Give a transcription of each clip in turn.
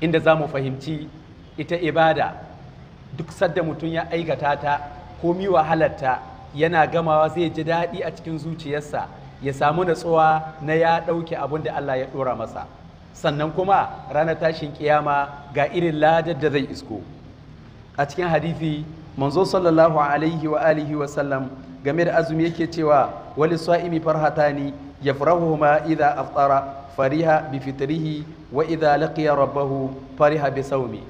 inda za mu fahimci ita ibada duk sadda mutum ya aikata ta komi halatta yana gamawa zai ji daɗi a cikin zuciyarsa ya samu natsuwa na ya ɗauke abin da Allah ya ɗora masa sannan kuma ranar tashin kiyama ga irin ladar da zai isko a cikin hadithi manzo sallallahu alaihi wa alihi wa sallam game da azumi yake cewa wali sa'imi farhatani yafrahuhuma idza aftara fariha bi fitrihi wa idza laqiya rabbahu fariha bi sawmi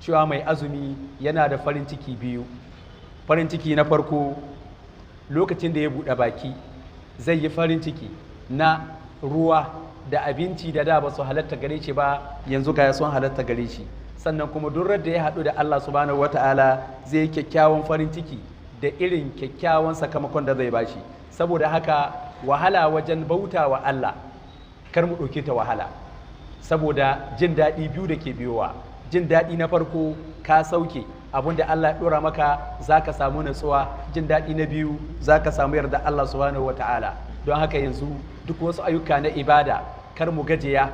cewa mai azumi yana da farin ciki biyu farin ciki na farko lokacin da ya bude baki zai yi farin ciki na ruwa da abinci da da ba su halatta gare shi ba yanzu ga sun halatta gare shi sannan kuma duk da ya haɗu da Allah subhanahu wata'ala zai yi kyakkyawan farin ciki da irin kyakkyawan sakamakon da zai bashi saboda haka wahala wajen bauta wa Allah kar mu ɗauke ta wahala saboda jin daɗi biyu da ke biyowa jin daɗi na farko ka sauke abin da Allah ya ɗora maka za ka samu natsuwa jin daɗi na biyu za ka samu yarda Allah subhanahu wa ta'ala don haka yanzu duk wasu ayyuka na ibada kar mu gajiya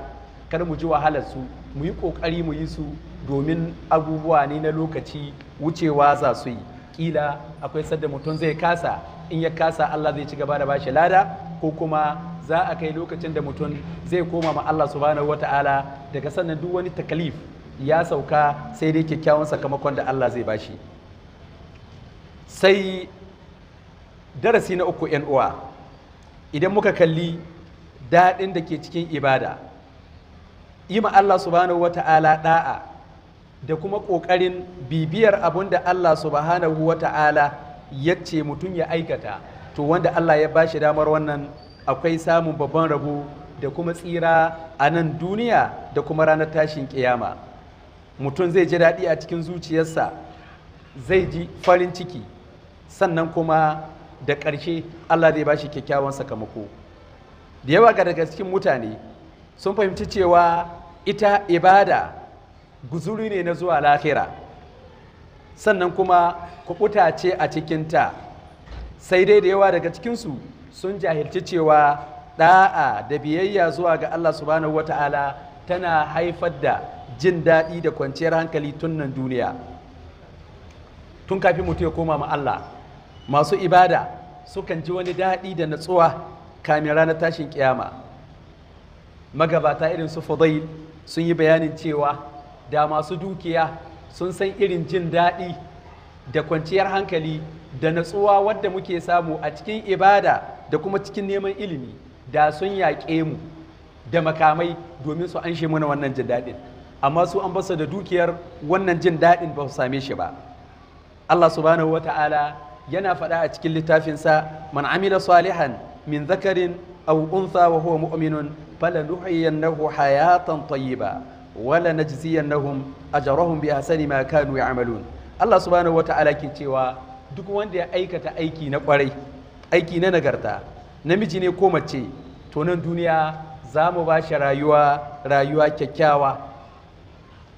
kar mu ji wahalar su mu yi ƙoƙari mu yi su domin abubuwa ne na lokaci wucewa za su yi kila akwai sadda mutum zai kasa in ya kasa Allah zai ci gaba da bashi lada ko kuma za a kai lokacin da mutum zai koma ma Allah subhanahu ta'ala daga sannan duk wani takalif ya sauka sai dai kyakkyawan sakamakon da Allah zai bashi sai darasi na uku yan uwa idan muka kalli daɗin da ke cikin ibada yi ma Allah subhanahu ta'ala da'a da kuma ƙoƙarin bibiyar abin da Allah subhanahu ta'ala ya ce mutum ya aikata to wanda Allah ya bashi damar wannan akwai samun babban rabo da kuma tsira a nan duniya da kuma ranar tashin kiyama mutum zai ji daɗi a cikin zuciyarsa zai ji farin ciki sannan kuma da ƙarshe Allah zai bashi kyakkyawan sakamako da yawa ga daga cikin mutane sun fahimci cewa ita ibada guzuri ne na zuwa lahira sannan kuma kuɓuta ce a cikinta sai dai da yawa daga cikinsu sun jahilci cewa da'a da biyayya zuwa ga Allah subhanahu wata'ala tana haifar da jin daɗi da kwanciyar hankali tun nan duniya tun kafin mutu ya koma ma Allah masu ibada sukan ji wani daɗi da natsuwa kamin ranar tashin kiyama magabata irin su fadail sun yi bayanin cewa da masu dukiya sun san irin jin daɗi da kwanciyar hankali da natsuwa wadda muke samu a cikin ibada da kuma cikin neman ilimi da sun yaƙe mu da makamai domin su anshe mana wannan jin daɗin amma su an basa da dukiyar wannan jin daɗin ba su same shi ba Allah subhanahu wa ta'ala yana faɗa a cikin littafinsa man amila salihan min zakarin aw untha wa huwa mu'minun falanuhyiyannahu hayatan tayyiba wala najziyannahum ajrahum bi ahsani ma kanu ya'malun Allah subhanahu wata'ala ke cewa duk wanda ya aikata aiki na kwarai aiki na nagarta namiji ne ko mace to nan duniya za mu ba shi rayuwa rayuwa kyakkyawa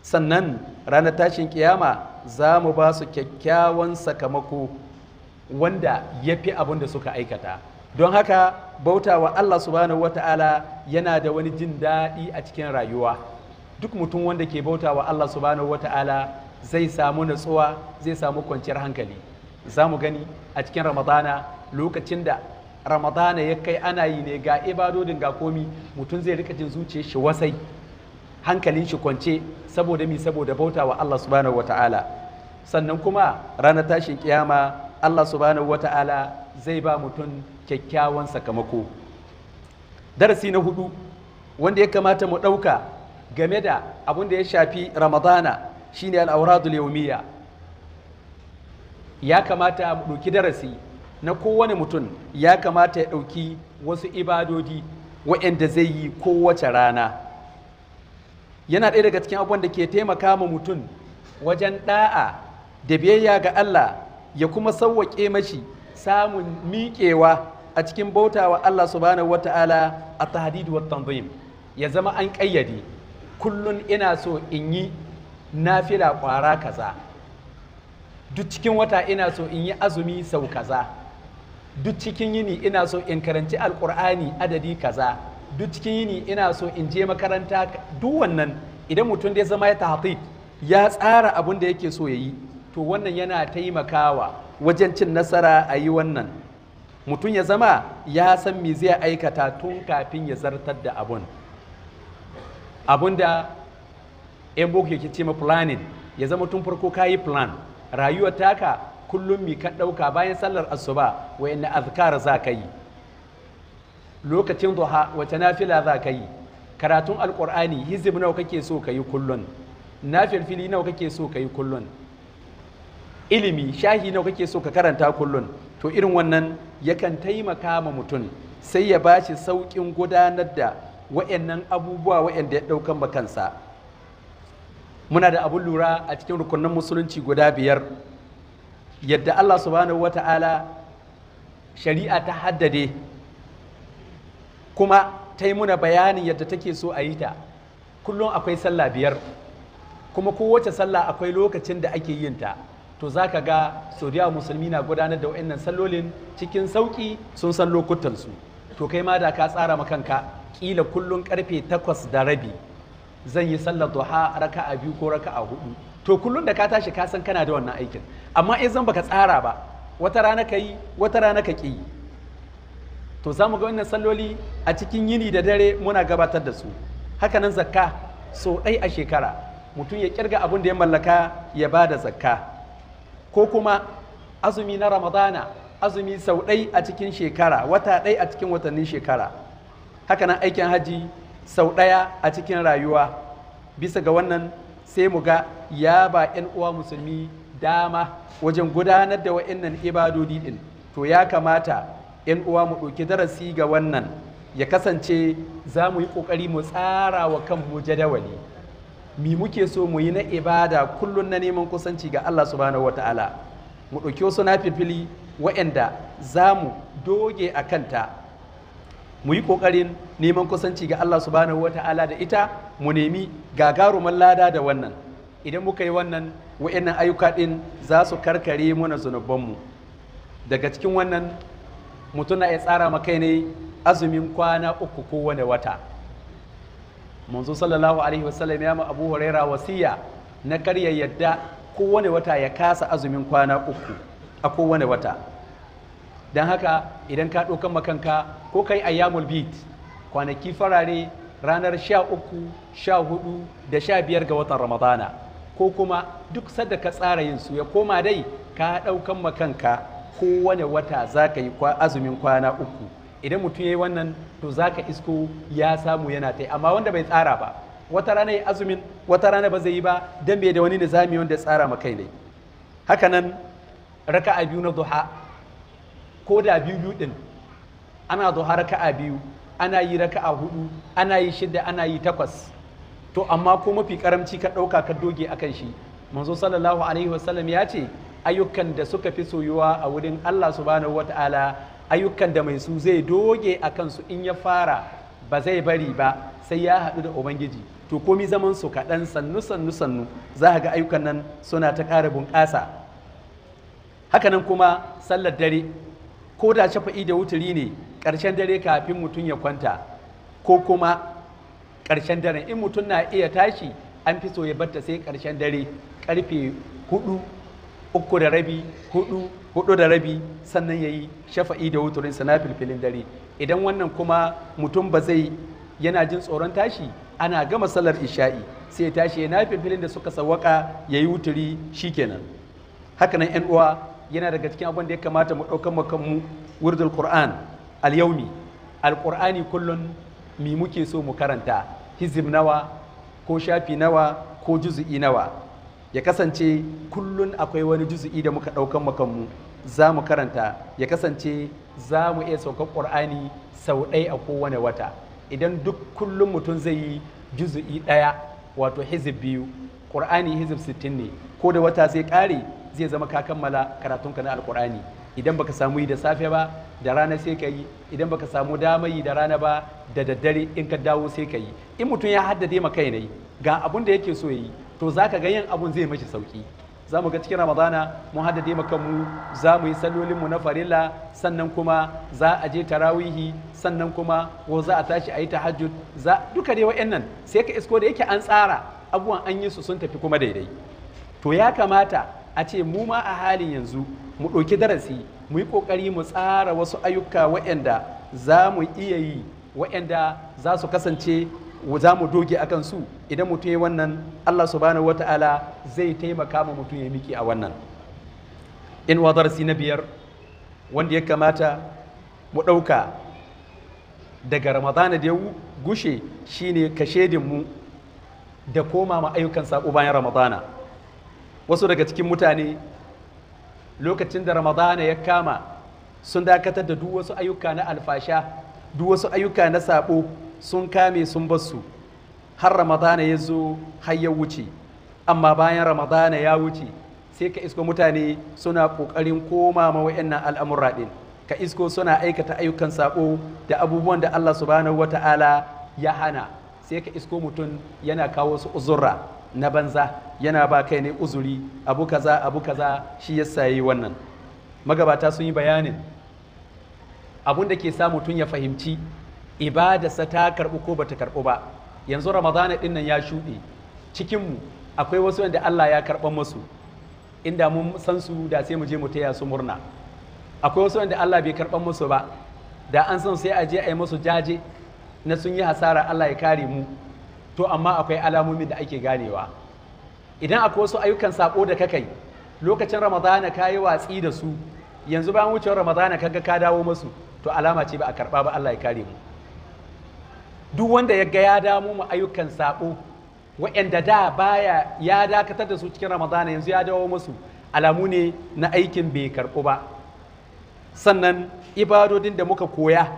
sannan ranar tashin kiyama za mu ba su kyakkyawan sakamako wanda ya fi abin da suka aikata don haka bautawa Allah subhanahu wata'ala yana da wani jin daɗi a cikin rayuwa duk mutum wanda ke bauta wa Allah subhanahu wata'ala zai samu natsuwa zai samu kwanciyar hankali za mu gani a cikin ramadana lokacin da ramadana ya kai ana yi ne ga ibadodin ga komi mutum zai rika jin zuciyar shi wasai hankalin shi kwance saboda mi saboda bauta wa Allah subhanahu wata'ala sannan kuma ranar tashin kiyama Allah subhanahu wata'ala zai ba mutum kyakkyawan sakamako darasi na hudu wanda ya kamata mu ɗauka game da abun da ya shafi ramadana shine al'auradul yawmiya ya kamata mu ɗauki darasi na kowane mutum ya kamata ya ɗauki wasu ibadodi waɗanda zai yi kowace rana yana ɗaya daga cikin abubuwan da ke taimaka ma mutum wajen ɗa'a da biyayya ga Allah ya kuma sauwaƙe mashi samun miƙewa a cikin bautawa Allah subhanahu a tahdidu wa tanzim ya zama an ƙayyade kullum ina so in yi nafila ƙwara kaza duk cikin wata ina so in yi azumi sau kaza duk cikin yini ina so in karanci alkur'ani adadi kaza duk cikin yini ina so in je makaranta duk wannan idan mutum da ya zama ya tahqiq ya tsara abin da yake so ya yi to wannan yana taimakawa wajen cin nasara a yi wannan mutum ya zama ya san me zai aikata tun kafin ya zartar da abun abun da yan boko yake ce ma planning ya zama tun farko ka yi plan rayuwar taka kullum mi ka ɗauka bayan sallar asuba wayanne azkar za ka yi lokacin duha wata nafila za ka yi karatun alƙur'ani hizib nawa kake so ka yi kullun fili nawa kake so ka yi kullun ilimi shahi nawa kake so ka karanta kullum to irin wannan yakan taimaka ma mutum sai ya ba shi sauƙin gudanar da wa'annan abubuwa wa'anda ya ɗaukan ba kansa muna da abun lura a cikin rukunin musulunci guda biyar yadda Allah subhanahu ta'ala shari'a ta haddade kuma ta yi muna bayanin yadda take so a yi ta kullum akwai sallah biyar kuma kowace sallah akwai lokacin da ake yin ta to za ka ga sodiya musulmi na gudanar da wa'annan sallolin cikin sauƙi sun san lokutansu to kai ma da ka tsara makanka ƙila kullum karfe takwas da rabi zan yi sallar duha a biyu ko raka a hudu to kullum da ka tashi ka san kana da wannan aikin amma in zan baka tsara ba wata rana ka yi wata rana ka ƙi to za mu ga wannan salloli a cikin yini da dare muna gabatar da su haka nan zakka so ɗai a shekara mutum ya kirga abun da ya mallaka ya bada da zakka ko kuma azumi na ramadana azumi sau ɗai a cikin shekara wata ɗai a cikin watannin shekara haka nan aikin hajji. sau ɗaya a cikin rayuwa bisa ga wannan sai mu ga ya ba 'yan uwa musulmi dama wajen gudanar da wa'annan ibadodi ɗin to ya kamata 'yan uwa mu ɗauki darasi ga wannan ya kasance za mu yi ƙoƙari mu tsara wa kanmu jadawali mi muke so mu yi na ibada kullum na neman kusanci ga Allah subhanahu wa ta'ala mu ɗauki wasu na fifili wa'anda za mu doge a kanta mu yi ƙoƙarin neman kusanci ga Allah subhanahu wa ta'ala da ita mu nemi gagaruman lada da wannan idan muka yi wannan wa'annan ayyuka ɗin za su karkare mana zunubanmu daga cikin wannan mutum na ya tsara makai ne azumin kwana uku kowane wata manzo sallallahu alaihi wasallam ya ma abu huraira wasiya na karya yadda kowane wata ya kasa azumin kwana uku a kowane wata don haka idan ka ɗaukan makanka ko kai yamul beat kwanaki farare ranar sha uku sha hudu da sha biyar ga watan ramadana ko kuma duk sadda ka tsara yin su ya koma dai ka ɗaukan makanka kowane wata za ka yi azumin kwana uku idan mutum ya yi wannan to za ka isko ya samu yana ta amma wanda bai tsara ba wata rana ya azumin wata rana ba zai yi ba dan bai da wani nizami wanda tsara ma kai ne hakanan raka'a biyu na duha ko da biyu biyu din ana zuwa raka'a biyu ana yi raka'a hudu ana yi shida ana yi takwas to amma ko mafi karamci ka ɗauka ka doge akan shi manzo sallallahu alaihi wasallam ya ce ayyukan da suka fi soyuwa a wurin Allah Su subhanahu wataala ayyukan da mai su zai doge a kansu in ya fara ba zai bari ba sai ya haɗu da ubangiji to komi zaman su kaɗan sannu sannu sannu za ga ayyukan nan suna ta ƙara bunƙasa hakanan kuma sallar dare ko da shafa'i da wuturi ne ƙarshen dare kafin mutum ya kwanta ko kuma ƙarshen dare. in mutum na iya tashi an fi so ya batta sai ƙarshen dare ƙarfe hudu uku da rabi hudu hudu da rabi sannan ya yi shafa'i da wuturin sana filfilin dare idan wannan kuma mutum ba zai yana jin tsoron tashi ana gama sallar isha'i sai ya tashi ya filfilin da suka sawaka ya yi wuturi shikenan hakanan yan uwa yana daga cikin abin da ya kamata mu ɗaukan mu wurdul al-yawmi al-qur'ani mi muke so mu karanta hizib nawa ko shafi nawa ko juzu'i nawa ya kasance kullum akwai wani juzu'i da muka ɗaukan mu za mu karanta ya kasance za mu iya saukar ƙur'ani sau ɗaya a kowane wata idan duk kullum mutum zai yi juzu'i ɗaya wato hizib biyu ƙur'ani hizib sittin ne ko da wata sai ƙare zai zama ka kammala karatunka na alkur'ani idan baka samu yi da safe ba da rana sai ka yi idan baka samu dama yi da rana ba da daddare in ka dawo sai ka yi in mutum ya haddade maka na yi ga abun da yake so yi to zaka ga yin abun zai mashi sauki za mu ga cikin ramadana mun haddade maka mu za mu yi sallolin mu na farilla sannan kuma za a je tarawihi sannan kuma ko za a tashi a yi tahajjud za duka dai wa'annan sai ka isko da yake an tsara abubuwan an yi su sun tafi kuma daidai to ya kamata a ce mu ma a halin yanzu mu ɗauki darasi mu yi ƙoƙari mu tsara wasu ayyuka waɗanda za mu iya yi waɗanda za su kasance za mu doge a kansu idan mutum ya wannan Allah su subhanahu wata'ala zai taimaka ma mutum ya miki a wannan in wa darasi na biyar wanda ya kamata mu ɗauka daga ramadana da ya gushe shine kashedinmu da koma ma ayyukan saƙo bayan ramadana wasu daga cikin mutane lokacin da ramadana ya kama sun dakatar da duk wasu ayyuka na alfasha duk wasu ayyuka na sabo sun kame sun basu har ramadana ya zo har ya wuce amma bayan ramadana ya wuce sai ka isko mutane suna ƙoƙarin koma ma wa'annan al'amurra ɗin ka isko suna aikata ayyukan sabo da abubuwan da Allah subhanahu Ta'ala ya hana sai ka isko mutum yana kawo su uzurra na banza yana ba kai ne uzuri abu kaza abu kaza shi ya sayi wannan magabata sun yi bayanin abun da ke sa mutum ya fahimci ibadarsa ta karɓi ko bata karɓi ba yanzu ramadana ɗin nan ya shuɗe cikinmu akwai wasu wanda Allah ya karɓa musu inda mun san su da sai mu je mu taya su murna akwai wasu wanda Allah bai karɓa musu ba da an san sai a je a yi musu jaje na sun yi hasara Allah ya kare mu to amma akwai alamomi da ake ganewa idan akwai wasu ayyukan sako da kakai lokacin ramadana ka yi watsi da su yanzu bayan wucewar ramadana ga ka dawo masu to alama ce ba a karba ba Allah ya kare mu duk wanda ya ga ya damu mu ayyukan sako wa'anda da baya ya dakatar da su cikin ramadana yanzu ya dawo masu alamu ne na aikin bai karɓu ba sannan ibadodin da muka koya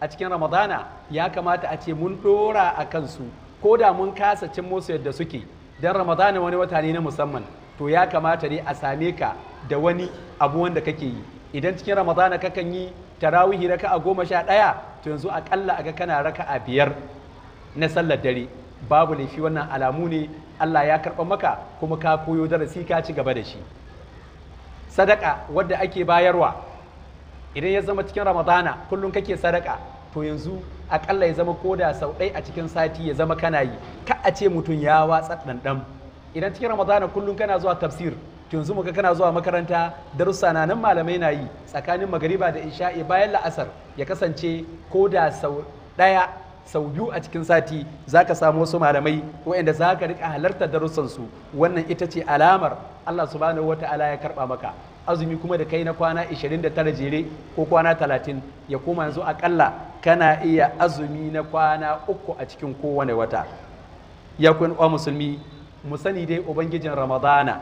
a cikin ramadana ya kamata a ce mun ɗora a kansu ko da mun kasa cin musu yadda suke dan ramadana wani wata ne na musamman to ya kamata ne a same ka da wani abu wanda kake yi idan cikin ramadana kakan yi tarawihi a goma sha ɗaya to yanzu akalla ga kana raka a biyar na sallar dare babu laifi wannan alamu ne Allah ya karɓa maka kuma ka koyo darasi ka ci gaba da shi sadaka wadda ake bayarwa idan ya zama cikin ramadana kullum kake sadaka to yanzu akalla ya zama ko da sau ɗaya a cikin sati ya zama kana yi ka a ce mutum ya watsa ɗanɗan idan cikin ramadana kullum kana zuwa tafsir yanzu muka kana zuwa makaranta darussa na nan malamai na yi tsakanin magariba da isha'i bayan la'asar ya kasance ko da sau ɗaya sau biyu a cikin sati za ka samu wasu malamai waɗanda za ka riƙa halartar darussansu wannan ita ce alamar Allah subhanahu wa ta'ala ya karɓa maka azumi kuma da kai na kwana 29 jere ko kwana 30 ya koma yanzu akalla kana iya azumi na kwana uku a cikin kowane wata ya kun wa musulmi mu sani dai ubangijin ramadana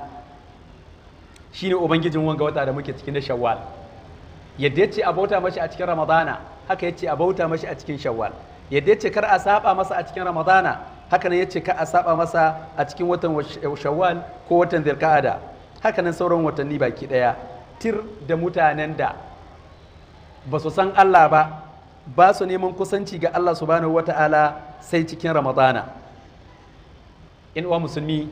shine ubangijin wanga wata da muke cikin na shawwal yadda yace a bauta mashi a cikin ramadana haka yace a bauta mashi a cikin shawwal yadda yace kar a saba masa a cikin ramadana haka nan yace kar a saba masa a cikin watan shawwal ko watan dhulqa'ada haka nan sauran watanni baki daya tir da mutanen da ba su san Allah ba ba su neman kusanci ga Allah subhanahu ta'ala sai cikin ramadana in wa musulmi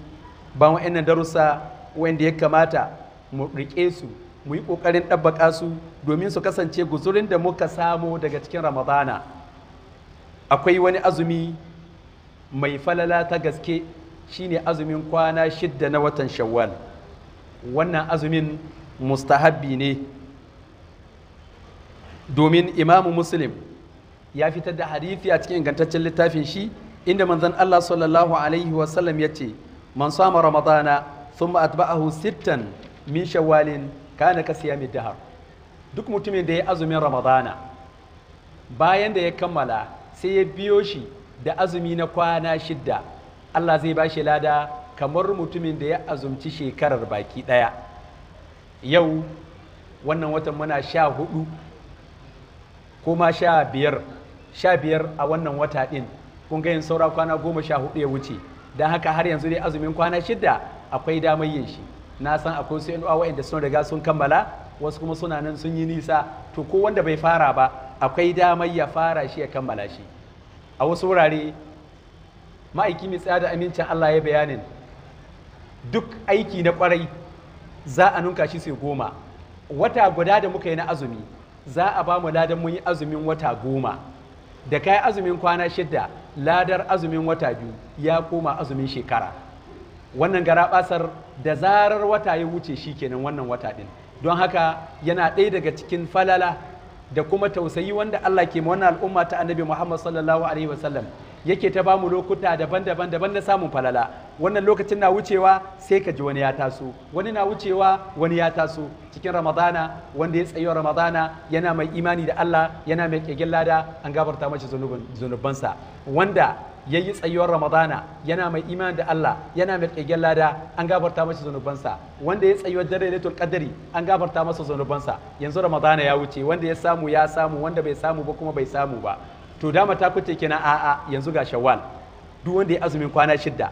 ba ɗan darussa wanda ya kamata mu rike su mu yi ƙoƙarin ɗabbaƙa su domin su kasance guzurin da muka samu daga cikin ramadana akwai wani azumi mai falala ta gaske shine azumin kwana shidda na watan shawwal wannan azumin mustahabbi ne domin imamu muslim ya fitar da hadithi a cikin ingantaccen littafin shi inda manzon Allah sallallahu alaihi wasallam ya ce man sama ramadana thumma atba'ahu sittan min shawwalin kana ka siyami dahar duk mutumin da ya azumin ramadana bayan da ya kammala sai ya biyo shi da azumi na kwana shidda Allah zai ba shi lada kamar mutumin da ya azumci shekarar baki ɗaya yau wannan watan muna sha hudu ko ma sha biyar a wannan wata ɗin kun ga yin saura kwana goma sha hudu ya wuce don haka har yanzu dai azumin kwana shida akwai damar yin shi na san akwai su uwa wa'inda sun riga sun kammala wasu kuma suna nan sun yi nisa to ko wanda bai fara ba akwai damar ya fara shi ya kammala shi a wasu wurare ma'aiki mai tsada amincin Allah ya bayanin duk aiki na kwarai za a nunka shi sai goma wata guda da muka yi na azumi za a ba mu ladan mun yi azumin wata goma da kai azumin kwana shida ladar azumin wata biyu ya koma azumin shekara wannan garabasar da zarar wata ya wuce shi kenan wannan wata din don haka yana ɗaya daga cikin falala da kuma tausayi wanda Allah ke ma wannan al'umma ta annabi Muhammad sallallahu alaihi wasallam yake ta bamu lokuta daban-daban daban na samun falala wannan lokacin na wucewa sai ka ji wani ya taso wani na wucewa wani ya taso cikin ramadana wanda ya tsayo ramadana yana mai imani da Allah yana mai kegin lada an masa mashi zunubansa wanda ya yi tsayuwar ramadana yana mai imani da Allah yana mai kegen lada an gafarta masa zunubansa wanda ya tsayuwar dare lailatul qadari an gafarta masa zunubansa yanzu ramadana ya wuce wanda ya samu ya samu wanda bai samu ba kuma bai samu ba to dama ta kuce kenan a'a yanzu ga shawwal duk wanda ya azumin kwana shidda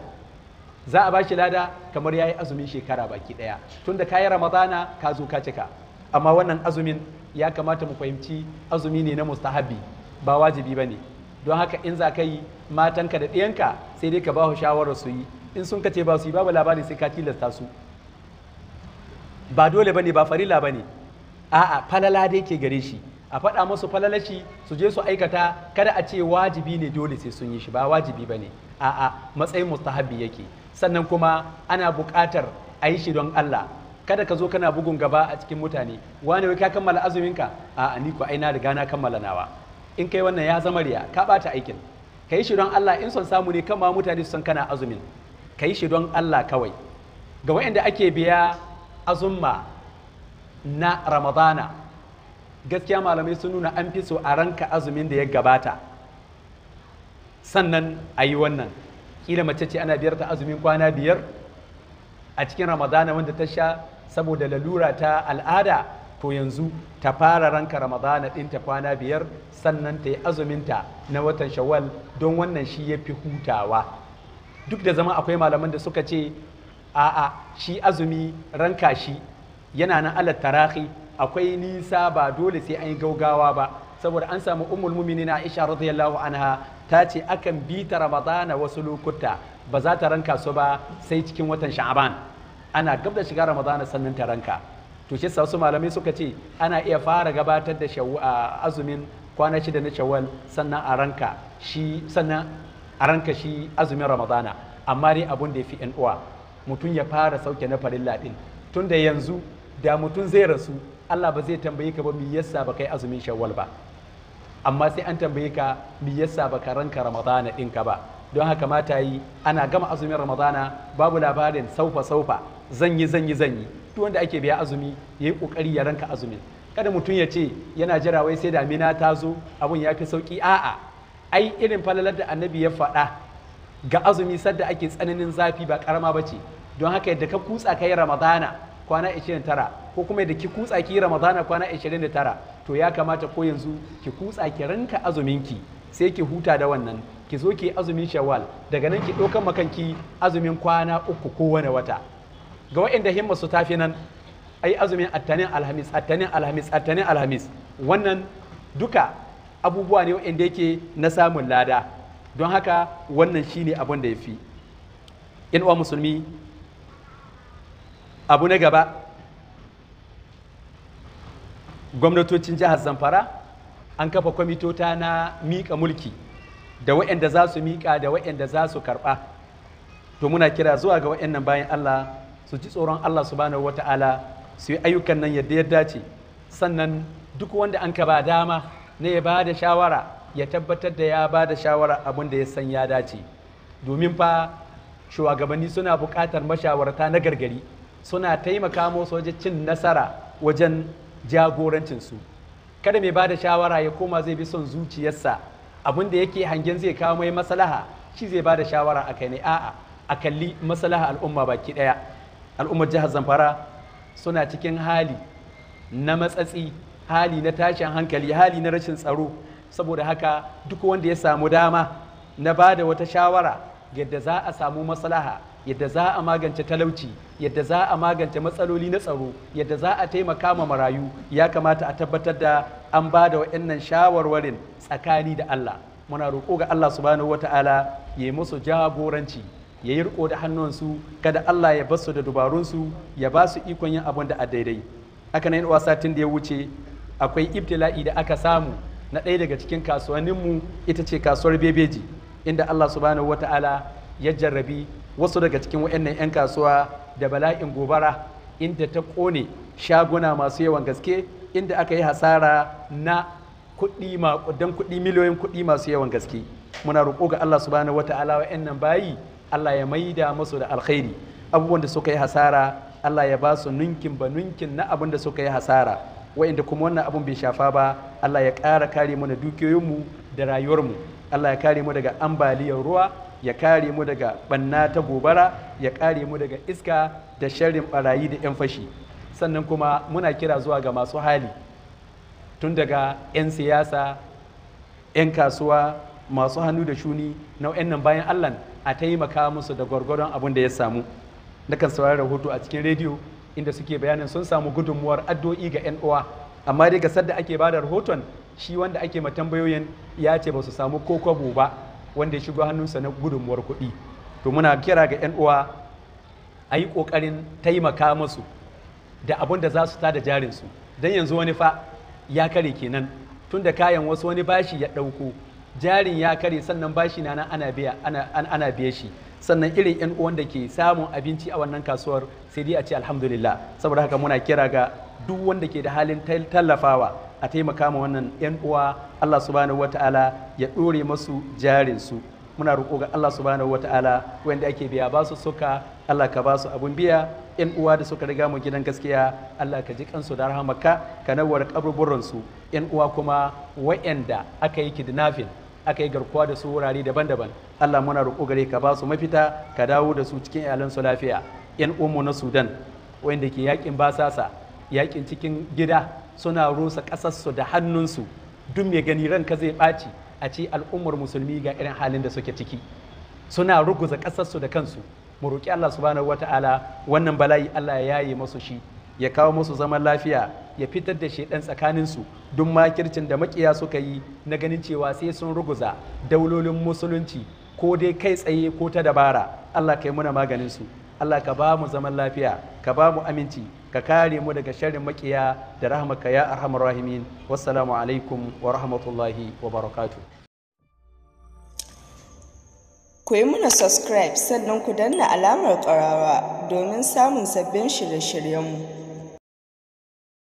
za a bashi lada kamar yayi azumin shekara baki daya tunda kayi ramadana ka zo ka cika amma wannan azumin ya kamata mu fahimci azumi ne na mustahabi ba wajibi bane don haka in za ka yi matanka da ɗiyanka sai dai ka ba shawarar su yi in sun kace ba su yi babu labari sai ka tilasta su ba dole bane ba farila bane a'a falala dai ke gare shi a faɗa masu falalashi su je su aikata kada a ce wajibi ne dole sai sun yi shi ba wajibi ba ne a'a matsayin mustahabi yake sannan kuma ana buƙatar a yi shi don Allah kada ka zo kana bugun gaba a cikin mutane wani wai ka kammala azuminka a'a ni ko ai na riga na kammala nawa in kai wannan ya zama riya ka ɓata aikin ka yi shi don Allah in son samu ne ma mutane su san kana azumin ka yi shi don Allah kawai ga waɗanda ake biya azumma na ramadana gaskiya malamai sun nuna an fi so a ranka azumin da ya gabata sannan a yi wannan kila mace ce ana biyar ta azumin kwana biyar a cikin ramadana wanda ta sha saboda lalura ta al'ada to yanzu ta fara ranka ramadana ta kwana biyar sannan ta yi azuminta na watan shawwal don wannan shi ya fi hutawa duk da zama akwai malaman da suka ce a'a shi azumi ranka shi yana nan alat tarahi akwai nisa ba dole sai an yi gaugawa ba saboda an samu mumini na Aisha radiyallahu anha ta ce akan bi ta Ramadana wasu lokuta ba za ta ranka su ba sai cikin watan Sha'aban ana gab da shiga Ramadana sannan ta ranka to shi wasu malamai suka ce ana iya fara gabatar da azumin kwana shida na Shawwal sannan a ranka shi sannan a ranka shi azumin Ramadana amma dai abun da ya fi uwa mutum ya fara sauke na farilla din tunda yanzu da mutum zai rasu Allah ba zai tambaye ka ba me yasa ba kai azumin shawwal ba amma sai an tambaye ka me yasa ba ka ranka ramadana ka ba don haka mata yi ana gama azumin ramadana babu labarin saufa saufa zanyi zanyi zanyi duk wanda ake biya azumi ya yi ya ranka azumin kada mutum ya ce yana jira wai sai damina ta zo abun ya fi sauki a'a ai irin falalar da annabi ya faɗa ga azumi sadda ake tsananin zafi ba karama ba ce don haka yadda ka kutsa kai ramadana kwana 29 ko kuma da ki kutsa ki ramadana kwana 29 to ya kamata ko yanzu ki kutsa ki ranka azuminki sai ki huta da wannan ki zo ki azumin shawwal daga nan ki ɗaukan makanki azumin kwana uku kowane wata ga waɗanda himma su tafi nan ai azumin attanin alhamis attanin alhamis attanin alhamis wannan duka abubuwa ne waɗanda yake na samun lada don haka wannan shine abin da ya fi in uwa musulmi abu na gaba gwamnatocin jihar zamfara an kafa kwamitota na miƙa mulki da wa'anda za su miƙa da wa'anda za su karɓa to muna kira zuwa ga waɗannan bayan allah su ji tsoron allah subhanahu wata'ala su yi ayyukan nan yadda ya dace sannan duk wanda an ka ba dama na ya ba da shawara ya tabbatar da ya ba da shawara abin da ya san ya dace domin fa shugabanni suna buƙatar mashawarta na gargari suna taimaka musu wajen cin nasara wajen jagorancinsu kada mai bada da shawara ya koma zai bi son zuciyarsa abin da yake hangen zai kawo mai masalaha shi zai ba da shawara a kai ne a'a a kalli maslaha al'umma baki daya al'ummar jihar zamfara suna cikin hali na matsatsi hali na tashin hankali hali na rashin tsaro saboda haka duk wanda ya samu dama na ba da wata shawara yadda za a samu maslaha yadda za a magance talauci yadda za a magance matsaloli na tsaro yadda za a taimaka ma marayu ya kamata a tabbatar da an ba da wa'annan shawarwarin tsakani da Allah muna roƙo ga Allah subhanahu wata'ala ya yi musu jagoranci ya yi riko da hannunsu kada Allah ya basu da dubarunsu ya ba su ikon yin abin da a daidai haka nan wasa tun da ya wuce akwai ibtila'i da aka samu na ɗaya daga cikin kasuwanninmu ita ce kasuwar bebeji inda Allah subhanahu ta'ala ya jarrabi wasu daga cikin waɗannan 'yan kasuwa da bala'in gobara inda ta ƙone shaguna masu yawan gaske inda aka yi hasara na kuɗi don kuɗi miliyoyin kuɗi masu yawan gaske muna roƙo ga Allah subhanahu wata'ala waɗannan bayi Allah ya maida musu da alkhairi abubuwan da suka yi hasara Allah ya ba su ninkin ba ninkin na abin da suka yi hasara wa'inda kuma wannan abun bai shafa ba Allah ya ƙara kare mana dukiyoyinmu da rayuwarmu Allah ya kare mu daga ambaliyar ruwa ya kare mu daga banna ta gobara ya kare mu daga iska da sharrin barayi da 'yan fashi sannan kuma muna kira zuwa ga masu hali tun daga 'yan siyasa 'yan kasuwa masu hannu da shuni nau'in nan bayan allah a taimaka musu da gwargwaron abin da ya samu nakan saurari rahoto a cikin rediyo inda suke bayanin sun samu gudunmuwar addu'i ga 'yan uwa amma dai ga sadda ake bada rahoton shi wanda ake ma tambayoyin ya ce ba su samu ko kwabo ba wanda ya shigo hannunsa na gudunmuwar kuɗi to muna kira ga 'yan uwa a yi ƙoƙarin taimaka masu da abin da za su tada jarinsu don yanzu wani fa ya kare kenan tun da kayan wasu wani bashi ya ɗauko jarin ya kare sannan bashi na nan ana biya ana biya shi sannan irin 'yan uwan da ke samun abinci a wannan kasuwar sai dai a ce alhamdulillah saboda haka muna kira ga duk wanda ke da halin tallafawa a taimaka ma wannan yan uwa Allah subhanahu wataala ya ɗore masu jarin su muna roƙo ga Allah subhanahu wataala wanda ake biya ba su suka Allah ka ba su abun biya yan uwa da suka riga mu gidan gaskiya Allah ka ji kansu da rahamaka ka nawar kaburburan su yan uwa kuma wa'anda aka yi kidnapping aka yi garkuwa da su wurare daban-daban Allah muna roƙo gare ka ba su mafita ka dawo da su cikin su lafiya yan umu na Sudan wanda ke yakin basasa yakin cikin gida suna rusa ƙasarsu da hannunsu duk mai gani ran ka zai ɓaci a ci al'ummar musulmi ga irin halin da suke ciki suna ruguza ƙasarsu da kansu mu roƙi Allah subhanahu wata'ala wannan bala'i Allah ya yaye masu shi ya kawo musu zaman lafiya ya fitar da tsakanin tsakaninsu duk makircin da makiya suka yi na ganin cewa sai sun ruguza daulolin musulunci ko dai kai tsaye ko ta dabara Allah kai yi maganin su Allah ka ba mu zaman lafiya ka ba mu aminci ka kare mu daga sharrin makiya da rahmaka ya arhamar rahimin wassalamu alaikum wa rahmatullahi wa barakatu ku yi muna subscribe sannan ku danna alamar ƙarawa domin samun sabbin shirye-shiryenmu